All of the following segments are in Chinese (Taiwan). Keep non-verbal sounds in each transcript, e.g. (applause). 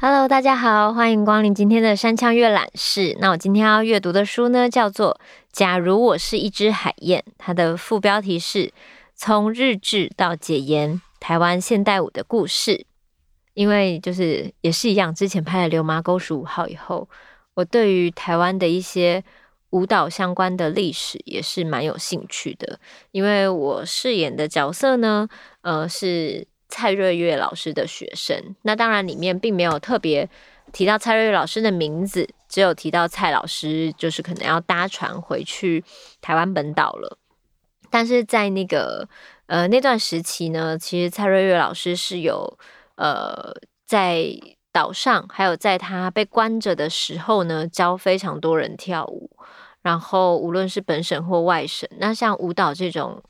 Hello，大家好，歡迎光臨今天的山羌閱覽室。那我今天要閱讀的書呢，叫做《假如我是一隻海燕》，它的副標題是《從日治到解嚴：台灣現代舞的故事》。因為就是也是一樣，之前拍了《流麻溝十五號》以後。我對於台灣的一些舞蹈相關的歷史也是蠻有興趣的，因為我飾演的角色呢，呃，是蔡瑞月老師的學生。那當然裡面並沒有特別提到蔡瑞月老師的名字，只有提到蔡老師，就是可能要搭船回去台灣本島了。但是在那個呃，那段時期呢，其實蔡瑞月老師是有呃，在。島上還有，在他被關着的時候呢，教非常多人跳舞。然後，無論是本省或外省，那像舞蹈這種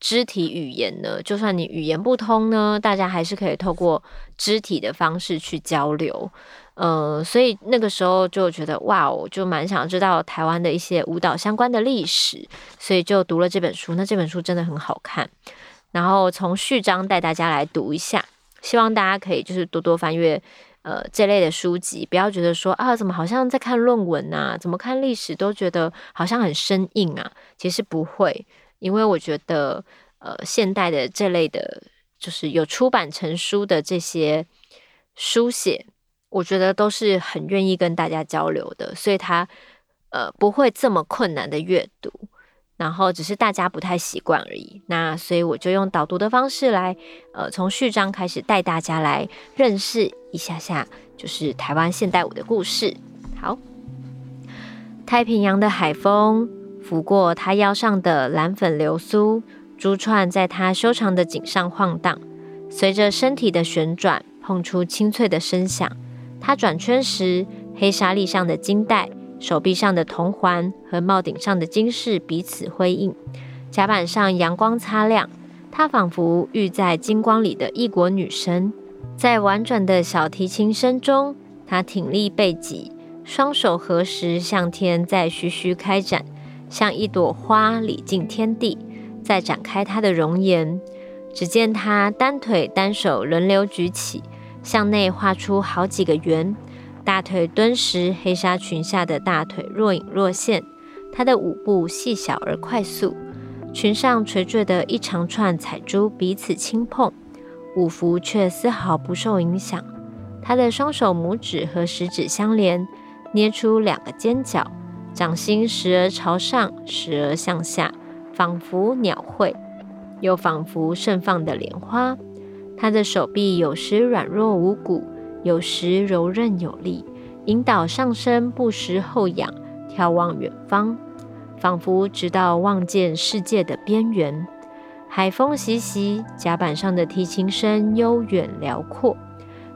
肢體語言呢，就算你語言不通呢，大家還是可以透過肢體的方式去交流。呃，所以那個時候就覺得哇，我就蠻想知道台灣的一些舞蹈相關的歷史，所以就讀了這本書。那這本書真的很好看，然後從序章帶大家來讀一下，希望大家可以就是多多翻閱。呃，這類的書籍，不要覺得說啊，怎麼好像在看論文呢？怎麼看歷史都覺得好像很生硬啊。其實不會，因為我覺得，呃，現代的這類的，就是有出版成書的這些書寫，我覺得都是很願意跟大家交流的，所以他呃不會這麼困難的閱讀。然後只是大家不太習慣而已，那所以我就用導讀的方式來，呃，從序章開始帶大家來認識一下下，就是台灣現代舞的故事。好，太平洋的海風拂過她腰上的藍粉流蘇，珠串在她修長的頸上晃盪，隨着身體的旋轉，碰出清脆的聲響。她轉圈時，黑沙礫上的金帶。手臂上的銅環和帽頂上的金飾彼此輝映，甲板上陽光擦亮，她仿佛浴在金光裡的異國女神。在婉轉的小提琴聲中，她挺立背脊，雙手合十向天，再徐徐開展，像一朵花禮敬天地，再展開她的容顏。只見她單腿單手輪流舉起，向內畫出好幾個圓。大腿蹲時，黑紗裙下的大腿若隱若現。她的舞步細小而快速，裙上垂墜的一長串彩珠彼此輕碰，舞服卻絲毫不受影響。她的雙手拇指和食指相連，捏出兩個尖角，掌心時而朝上，時而向下，仿佛鳥喙，又仿佛盛放的蓮花。她的手臂有時軟弱無骨。有時柔韌有力，引導上身不時後仰，眺望遠方，仿佛直到望見世界的邊緣。海風習習，甲板上的提琴聲悠遠遼闊。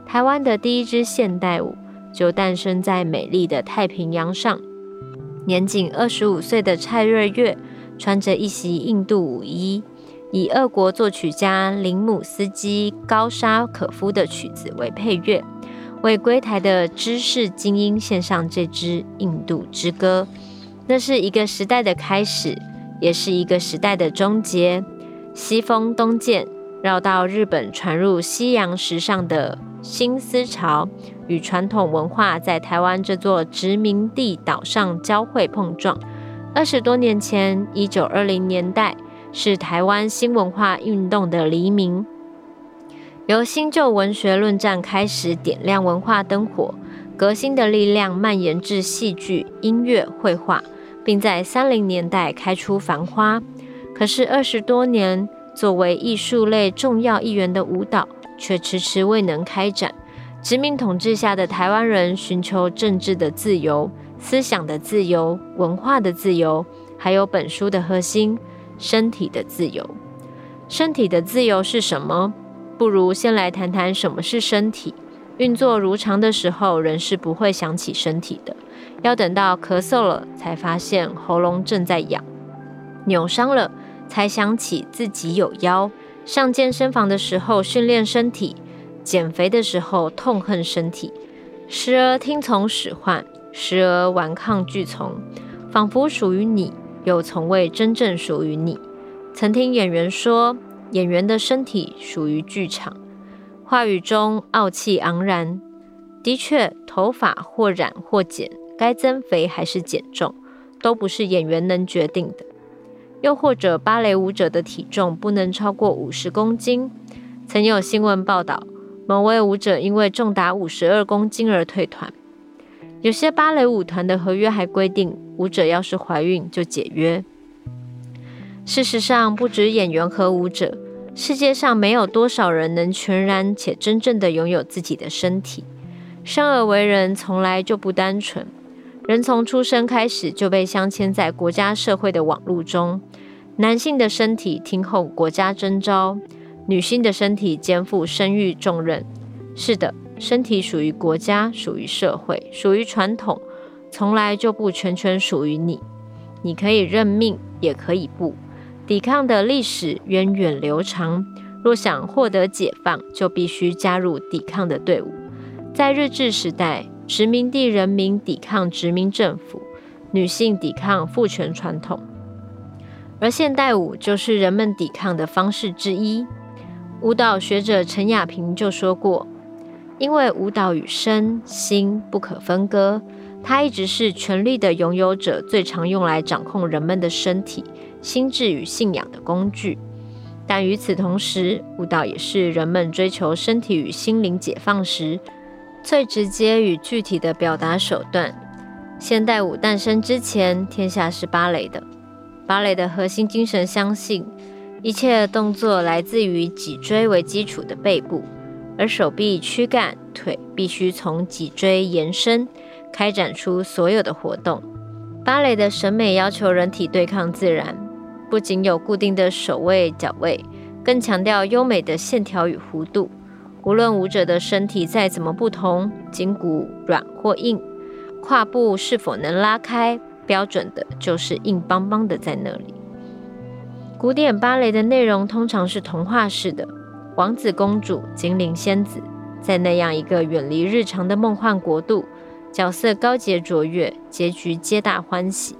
台灣的第一支現代舞就誕生在美麗的太平洋上。年僅二十五歲的蔡瑞月穿着一襲印度舞衣，以俄國作曲家林姆斯基·高沙可夫的曲子為配樂，為歸臺的知識精英獻上這支《印度之歌》，那是一個時代的開始，也是一個時代的終結。西風東漸，繞到日本傳入西洋時尚的新思潮，與傳統文化在台灣這座殖民地島上交匯碰撞。二十多年前，一九二零年代，是台灣新文化運動的黎明。由新舊文學論戰開始，點亮文化燈火，革新的力量蔓延至戲劇、音樂、繪畫，並在三零年代開出繁花。可是二十多年，作為藝術類重要一員的舞蹈，卻遲遲未能開展。殖民統治下的台灣人尋求政治的自由、思想的自由、文化的自由，還有本書的核心——身體的自由。身體的自由，身體的自由是什麼？不如先來談談什麼是身體。運作如常的時候，人是不會想起身體的。要等到咳嗽了，才發現喉嚨正在癢；扭傷了，才想起自己有腰。上健身房的時候訓練身體，減肥的時候痛恨身體。時而聽從使喚，時而頑抗拒從，仿佛屬於你，又從未真正屬於你。曾聽演員說。演員的身體屬於劇場，話語中傲氣昂然。的確，頭髮或染或剪，該增肥還是減重，都不是演員能決定的。又或者，芭蕾舞者的體重不能超過五十公斤。曾有新聞報道，某位舞者因為重達五十二公斤而退團。有些芭蕾舞團的合約還規定，舞者要是懷孕就解約。事實上，不止演員和舞者。世界上沒有多少人能全然且真正的擁有自己的身體。生而為人，從來就不單純。人從出生開始就被鑲嵌在國家社會的網路中。男性的身體聽候國家徵召，女性的身體肩負生育重任。是的，身體屬於國家，屬於社會，屬於傳統，從來就不全權屬於你。你可以認命，也可以不。抵抗的歷史源遠流長。若想獲得解放，就必須加入抵抗的隊伍。在日治時代，殖民地人民抵抗殖民政府，女性抵抗父權傳統，而現代舞就是人們抵抗的方式之一。舞蹈學者陳雅萍就說過：“因為舞蹈與身心不可分割，它一直是權力的擁有者最常用來掌控人們的身體。”心智與信仰的工具，但與此同時，舞蹈也是人們追求身體與心靈解放時最直接與具體的表達手段。現代舞誕生之前，天下是芭蕾的。芭蕾的核心精神相信，一切動作來自於脊椎為基礎的背部，而手臂、軀幹、腿必須從脊椎延伸，開展出所有的活動。芭蕾的審美要求人體對抗自然。不僅有固定的手位、腳位，更強調優美的線條與弧度。無論舞者的身體再怎麼不同，筋骨軟或硬，胯部是否能拉開，標準的就是硬邦邦的在那裡。古典芭蕾的內容通常是童話式的，王子、公主、精靈、仙子，在那樣一個遠離日常的夢幻國度，角色高潔卓越，結局皆大歡喜。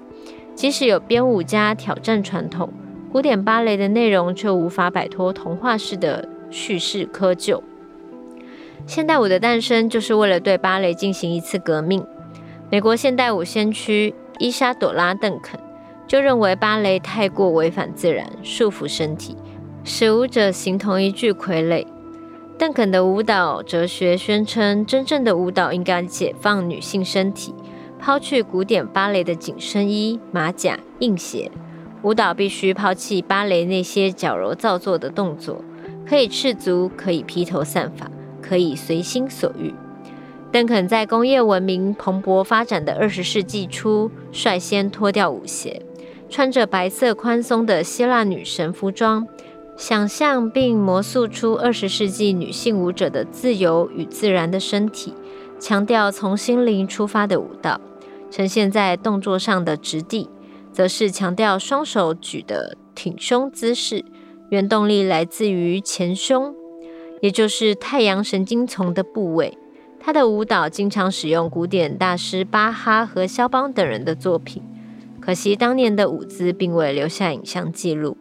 即使有編舞家挑戰傳統，古典芭蕾的內容卻無法擺脫童話式的敘事窠臼。現代舞的誕生就是為了對芭蕾進行一次革命。美國現代舞先驅伊莎朵拉·鄧肯就認為芭蕾太過違反自然，束縛身體，使舞者形同一具傀儡。鄧肯的舞蹈哲學宣稱，真正的舞蹈應該解放女性身體。拋去古典芭蕾的緊身衣、馬甲、硬鞋，舞蹈必須拋棄芭蕾那些矯揉造作的動作，可以赤足，可以披頭散髮，可以隨心所欲。鄧肯在工業文明蓬勃發展的二十世紀初，率先脫掉舞鞋，穿着白色寬鬆的希臘女神服裝，想象並模塑出二十世紀女性舞者的自由與自然的身體，強調從心靈出發的舞蹈。呈現在動作上的質地，則是強調雙手舉的挺胸姿勢，原動力來自於前胸，也就是太陽神經叢的部位。他的舞蹈經常使用古典大師巴哈和肖邦等人的作品，可惜當年的舞姿並未留下影像記錄，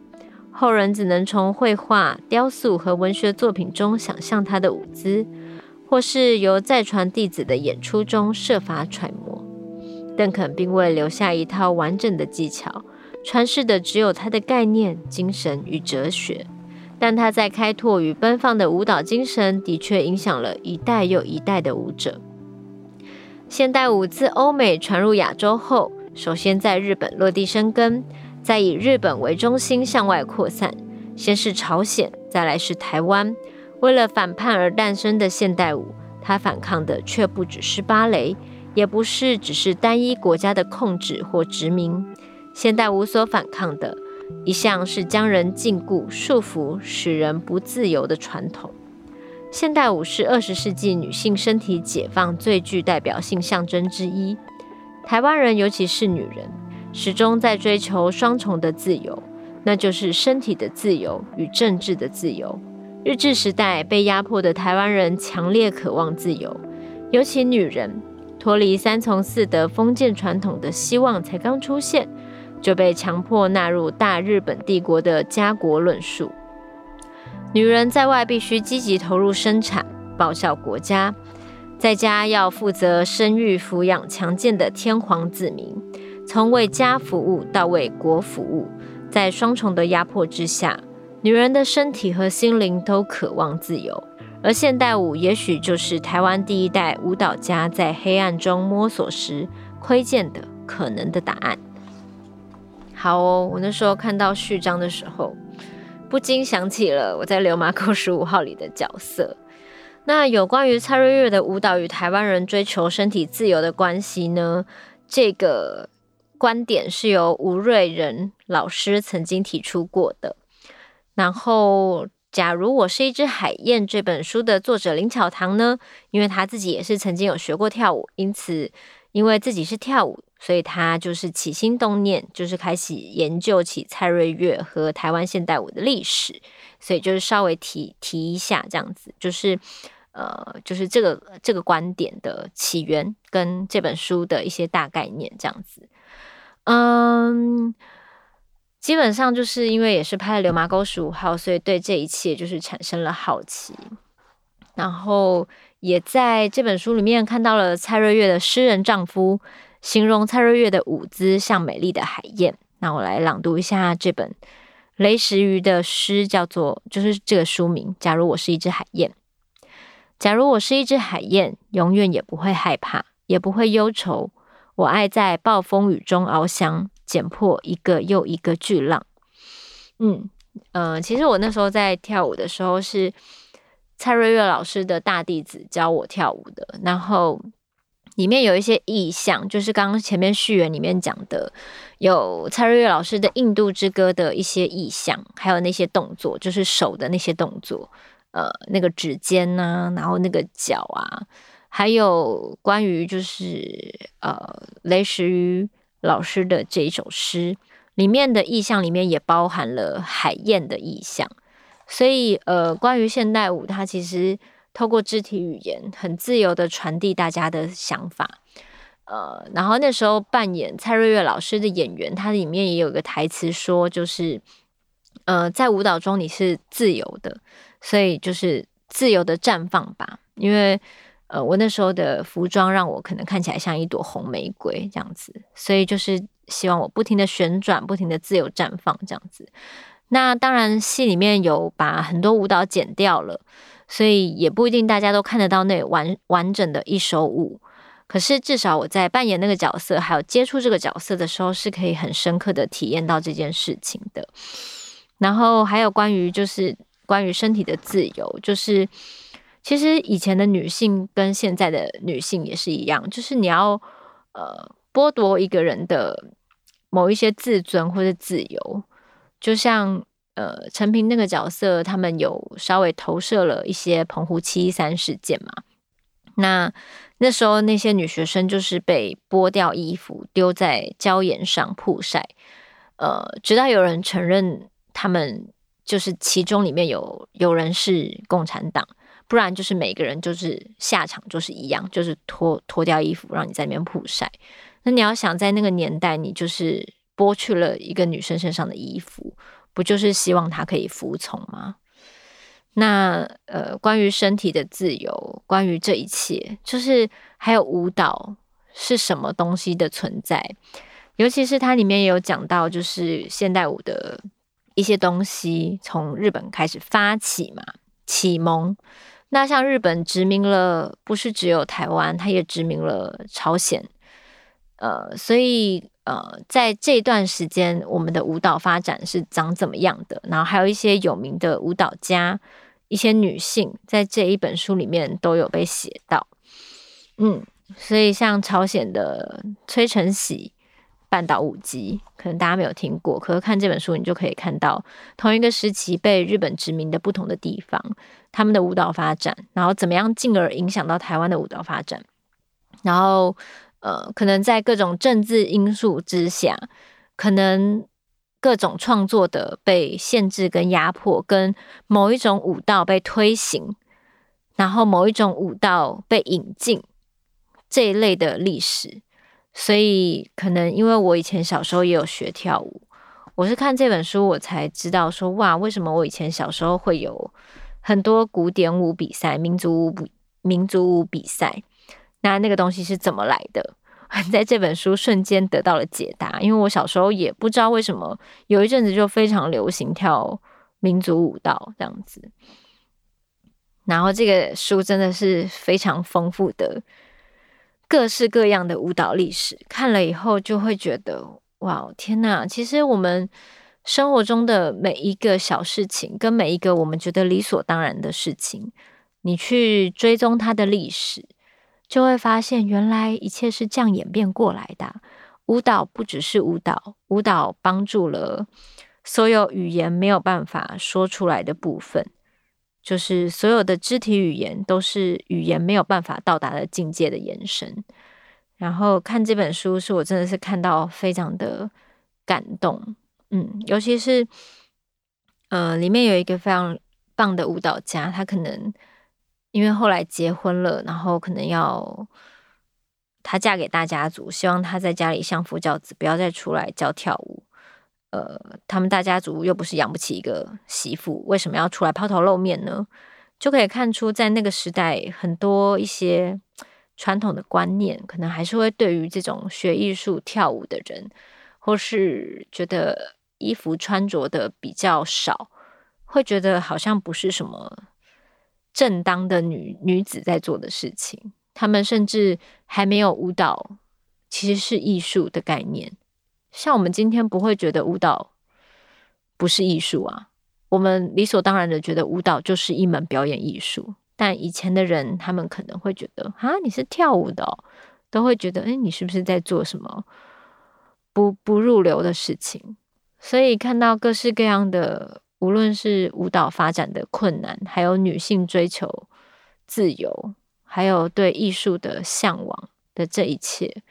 後人只能從繪畫、雕塑和文學作品中想象他的舞姿，或是由再傳弟子的演出中設法揣摩。鄧肯並未留下一套完整的技巧，傳世的只有他的概念、精神與哲學。但他在開拓與奔放的舞蹈精神，的確影響了一代又一代的舞者。現代舞自歐美傳入亞洲後，首先在日本落地生根，再以日本為中心向外擴散。先是朝鮮，再來是台灣。為了反叛而誕生的現代舞，他反抗的卻不只是芭蕾。也不是只是單一國家的控制或殖民。現代舞所反抗的一向是將人禁錮、束縛，使人不自由的傳統。現代舞是二十世紀女性身體解放最具代表性象徵之一。台灣人，尤其是女人，始終在追求雙重的自由，那就是身體的自由與政治的自由。日治時代被壓迫的台灣人強烈渴望自由，尤其女人。脫離三從四德封建傳統的希望才剛出現，就被強迫納入大日本帝國的家國論述。女人在外必須積極投入生產，報效國家；在家要負責生育、撫養強健的天皇子民。從為家服務到為國服務。在雙重的壓迫之下，女人的身體和心靈都渴望自由。而現代舞也許就是臺灣第一代舞蹈家在黑暗中摸索時窺見的可能的答案。好哦，我那時候看到序章的時候，不禁想起了我在《流麻溝十五號》裡的角色。那有關於蔡瑞月的舞蹈與臺灣人追求身體自由的關係呢？這個觀點是由吳瑞仁老師曾經提出過的。然後。假如我是一隻海燕》，這本書的作者林巧棠呢，因為他自己也是曾經有學過跳舞，因此因為自己是跳舞，所以他就是起心動念，就是開始研究起蔡瑞月和台灣現代舞的歷史。所以就是稍微提提一下這樣子，就是呃，就是這個這個觀點的起源跟這本書的一些大概念這樣子，嗯。基本上就是因為也是拍了《流麻溝十五號》，所以對這一切就是產生了好奇。然後也在這本書裡面看到了蔡瑞月的詩人丈夫形容蔡瑞月的舞姿像美麗的海燕。那我來朗讀一下這本雷石榆的詩，叫做就是這個書名《假如我是一隻海燕》。假如我是一隻海燕，永遠也不會害怕，也不會憂愁。我愛在暴風雨中翱翔。剪破一個又一個巨浪，嗯呃，其實我那時候在跳舞的時候是蔡瑞月老師的大弟子教我跳舞的，然後裡面有一些意象，就是剛剛前面序言裡面講的，有蔡瑞月老師的《印度之歌》的一些意象，還有那些動作，就是手的那些動作，呃，那個指尖吶、啊，然後那個腳啊，還有關於就是呃雷石榆。老師的這一首詩裡面的意象，裡面也包含了海燕的意象，所以呃，關於現代舞，它其實透過肢體語言很自由的傳遞大家的想法。呃，然後那時候扮演蔡瑞月老師的演員，他裡面也有個台詞說，就是呃，在舞蹈中你是自由的，所以就是自由的綻放吧，因為。呃，我那時候的服裝讓我可能看起來像一朵紅玫瑰這樣子，所以就是希望我不停的旋轉，不停的自由綻放這樣子。那當然，戲裡面有把很多舞蹈剪掉了，所以也不一定大家都看得到那完完整的一首舞。可是至少我在扮演那個角色，還有接觸這個角色的時候，是可以很深刻的體驗到這件事情的。然後還有關於就是關於身體的自由，就是。其實以前的女性跟現在的女性也是一樣，就是你要呃剝奪一個人的某一些自尊或者自由，就像呃陳平那個角色，他們有稍微投射了一些澎湖七一三事件嘛。那那時候那些女學生就是被剝掉衣服丟在礁岩上曝曬，呃，直到有人承認他們就是其中裡面有有人是共產黨。不然就是每個人就是下場就是一樣，就是脫脫掉衣服讓你在那邊曝曬。那你要想在那個年代，你就是剝去了一個女生身上的衣服，不就是希望她可以服從嗎？那呃，關於身體的自由，關於這一切，就是還有舞蹈是什麼東西的存在，尤其是它裡面也有講到，就是現代舞的一些東西，從日本開始發起嘛，啟蒙。那像日本殖民了，不是只有台灣，它也殖民了朝鮮。呃，所以呃，在這段時間，我們的舞蹈發展是長怎麼樣的？然後還有一些有名的舞蹈家，一些女性在這一本書裡面都有被寫到。嗯，所以像朝鮮的崔承喜。半島五姬可能大家沒有聽過，可是看這本書，你就可以看到同一個時期被日本殖民的不同的地方，他們的舞蹈發展，然後怎麼樣進而影響到台灣的舞蹈發展，然後呃，可能在各種政治因素之下，可能各種創作的被限制跟壓迫，跟某一種舞蹈被推行，然後某一種舞蹈被引進，這一類的歷史。所以可能因為我以前小時候也有學跳舞，我是看這本書我才知道說，哇，為什麼我以前小時候會有很多古典舞比賽、民族舞比民族舞比賽？那那個東西是怎麼來的？在這本書瞬間得到了解答。因為我小時候也不知道為什麼有一陣子就非常流行跳民族舞蹈這樣子，然後這個書真的是非常豐富的。各式各樣的舞蹈歷史，看了以後就會覺得，哇，天吶，其實我們生活中的每一個小事情，跟每一個我們覺得理所當然的事情，你去追蹤它的歷史，就會發現，原來一切是這樣演變過來的。舞蹈不只是舞蹈，舞蹈幫助了所有語言沒有辦法說出來的部分。就是所有的肢體語言都是語言沒有辦法到達的境界的延伸。然後看這本書，是我真的是看到非常的感動，嗯，尤其是呃，裡面有一個非常棒的舞蹈家，他可能因為後來結婚了，然後可能要他嫁給大家族，希望他在家裡相夫教子，不要再出來教跳舞。呃，他們大家族又不是養不起一個媳婦，為什麼要出來拋頭露面呢？就可以看出，在那個時代，很多一些傳統的觀念，可能還是會對於這種學藝術、跳舞的人，或是覺得衣服穿着的比較少，會覺得好像不是什麼正當的女女子在做的事情。他們甚至還沒有舞蹈，其實是藝術的概念。像我們今天不會覺得舞蹈不是藝術啊，我們理所當然的覺得舞蹈就是一門表演藝術。但以前的人，他們可能會覺得啊，你是跳舞的哦，都會覺得哎、欸，你是不是在做什麼不不入流的事情？所以看到各式各樣的，無論是舞蹈發展的困難，還有女性追求自由，還有對藝術的向往的這一切，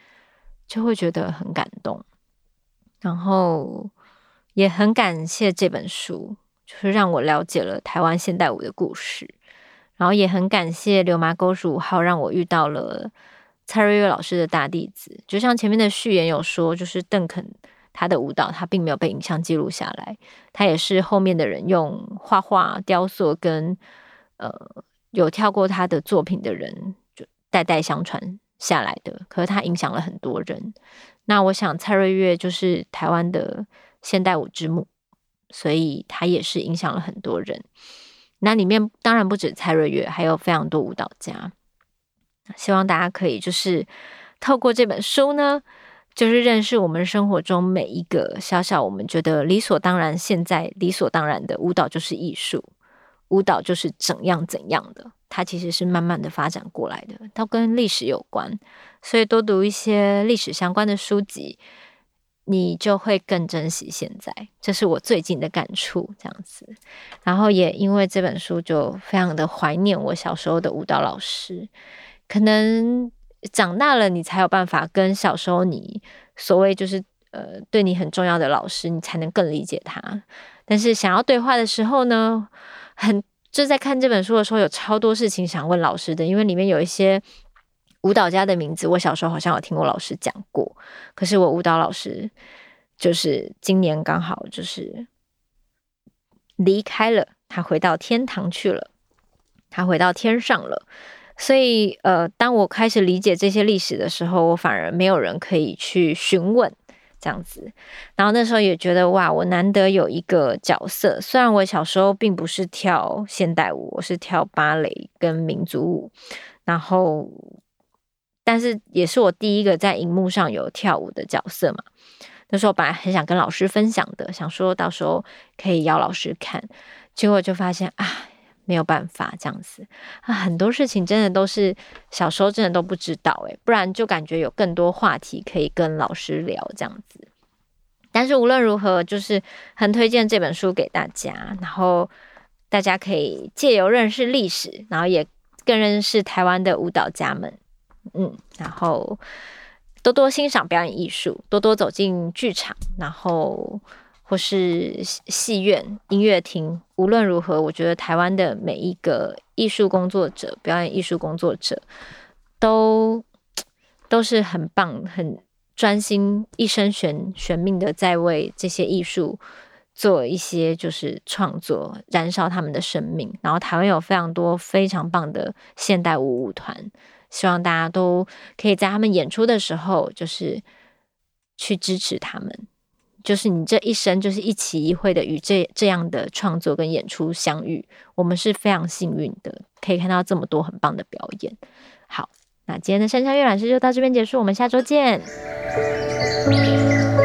就會覺得很感動。然後也很感謝這本書，就是讓我了解了台灣現代舞的故事。然後也很感謝流麻溝十五號，讓我遇到了蔡瑞月老師的大弟子。就像前面的序言有說，就是鄧肯他的舞蹈，他並沒有被影像記錄下來，他也是後面的人用畫畫、雕塑跟呃有跳過他的作品的人，就代代相傳下來的。可是他影響了很多人。那我想蔡瑞月，就是台灣的現代舞之母，所以她也是影響了很多人。那裡面當然不止蔡瑞月，還有非常多舞蹈家。希望大家可以就是透過這本書呢，就是認識我們生活中每一個小小我們覺得理所當然、現在理所當然的舞蹈就是藝術。舞蹈就是怎樣怎樣的，它其實是慢慢的發展過來的，它跟歷史有關，所以多讀一些歷史相關的書籍，你就會更珍惜現在。這是我最近的感觸，這樣子。然後也因為這本書，就非常的懷念我小時候的舞蹈老師。可能長大了，你才有辦法跟小時候你所謂就是呃對你很重要的老師，你才能更理解他。但是想要對話的時候呢？很就在看這本書的時候，有超多事情想問老師的，因為裡面有一些舞蹈家的名字，我小時候好像有聽過老師講過。可是我舞蹈老師就是今年剛好就是離開了，他回到天堂去了，他回到天上了。所以呃，當我開始理解這些歷史的時候，我反而沒有人可以去詢問。這樣子，然後那時候也覺得哇，我難得有一個角色。雖然我小時候並不是跳現代舞，我是跳芭蕾跟民族舞，然後，但是也是我第一個在熒幕上有跳舞的角色嘛。那時候本來很想跟老師分享的，想說到時候可以邀老師看，結果就發現啊。沒有辦法這樣子啊，很多事情真的都是小時候真的都不知道哎，不然就感覺有更多話題可以跟老師聊這樣子。但是無論如何，就是很推薦這本書給大家，然後大家可以借由認識歷史，然後也更認識台灣的舞蹈家們，嗯，然後多多欣賞表演藝術，多多走進劇場，然後。或是戲院、音樂廳，無論如何，我覺得台灣的每一個藝術工作者、表演藝術工作者都都是很棒、很專心、一生懸懸命的，在為這些藝術做一些就是創作，燃燒他們的生命。然後，台灣有非常多非常棒的現代舞舞團，希望大家都可以在他們演出的時候，就是去支持他們。就是你這一生，就是一期一會的與這這樣的創作跟演出相遇，我們是非常幸運的，可以看到這麼多很棒的表演。好，那今天的山羌閱覽室就到這邊結束，我們下周見。 (noise)